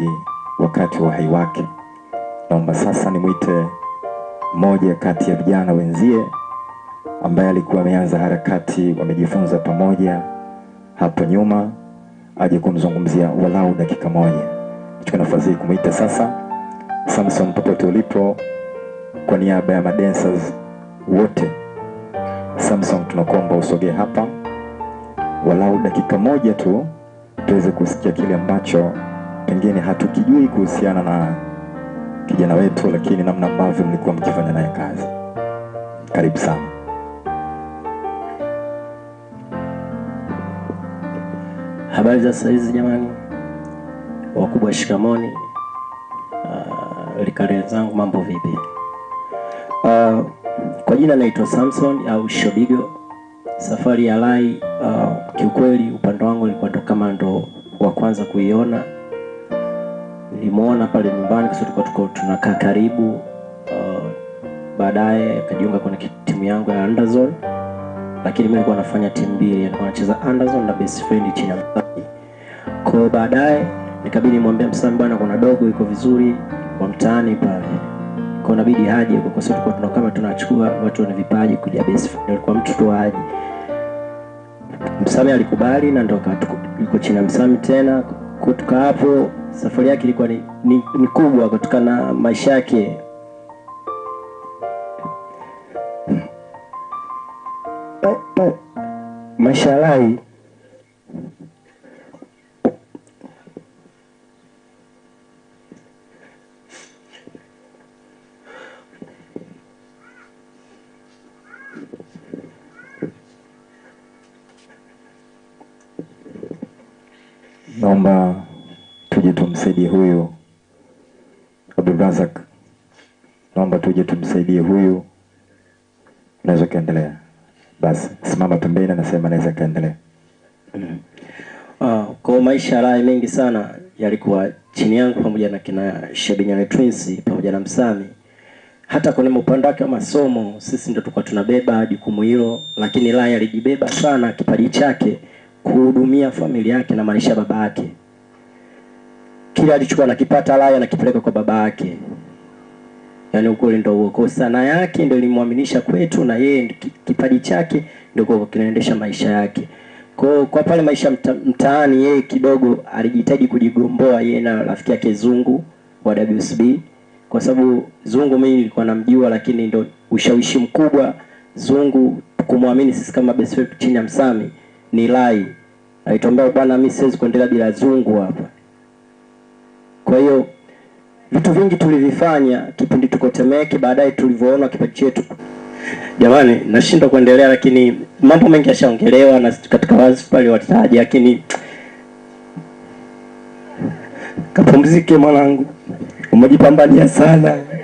mchungaji wakati wa uhai wake. Naomba sasa nimwite mmoja kati ya vijana wenzie ambaye alikuwa ameanza harakati, wamejifunza pamoja hapo nyuma, aje kumzungumzia walau dakika moja. Chukua nafasi hii kumwita sasa. Samson, popote ulipo, kwa niaba ya madancers wote, Samson tunakuomba usogee hapa walau dakika moja tu tuweze kusikia kile ambacho pengine hatukijui kuhusiana na kijana wetu, lakini namna ambavyo mlikuwa mkifanya naye kazi. Karibu sana. Habari za saizi jamani, wakubwa shikamoni. Uh, zangu mambo vipi? Uh, kwa jina naitwa Samson au Shobigo. Safari ya lai uh, ah, kiukweli upande wangu ilikuwa ndo kama ndo wa kwanza kuiona nimeona pale nyumbani kwa sababu tuko tunakaa karibu uh, baadaye akajiunga kwenye timu yangu ya Anderson, lakini mimi nilikuwa nafanya timu mbili, nilikuwa nacheza Anderson na best friend chini ya Msami. Kwa baadaye nikabidi nimwambie Msami, bwana, kuna dogo iko vizuri kwa mtaani pale, kwa inabidi haje kwa sababu tulikuwa kama tunachukua watu wenye vipaji kuja best friend, alikuwa mtu tu aje. Msami alikubali na ndio tuko chini ya Msami tena kutoka hapo safari yake ilikuwa ni, ni, ni kubwa kutokana na maisha yake maisha Rai naomba tuje tumsaidie huyu Abdulrazak, naomba tuje tumsaidie huyu, unaweza kaendelea. Basi simama pembeni, anasema naweza kaendelea. Mm. Uh, kwa maisha raha mengi sana yalikuwa chini yangu pamoja na kina Shebinyane Twins pamoja na Msami. Hata kwenye upande wake wa masomo sisi ndio tulikuwa tunabeba jukumu hilo, lakini Rai alijibeba sana kipaji chake kuhudumia familia yake na maisha baba yake kile alichokuwa nakipata Laya nakipeleka kwa baba yake. Yaani ukweli ndio huo. Kwa sana yake ndio ilimwaminisha kwetu na yeye kipaji chake ndio kwa kinaendesha maisha yake. Kwa kwa pale maisha mta, mtaani yeye kidogo alijitahidi kujigomboa yeye na rafiki yake Zungu wa WSB kwa sababu Zungu mimi nilikuwa namjua, lakini ndio ushawishi mkubwa Zungu kumwamini sisi kama best friend chini ya Msami ni Lai. Alituambia bwana, mimi siwezi kuendelea bila Zungu hapa. Kwa hiyo vitu vingi tulivifanya kipindi tuko Temeke, baadaye tulivyoona kipaji chetu. Jamani, nashindwa kuendelea, lakini mambo mengi yashaongelewa na katika wazi pale wataja, lakini kapumzike mwanangu, umejipambania sana.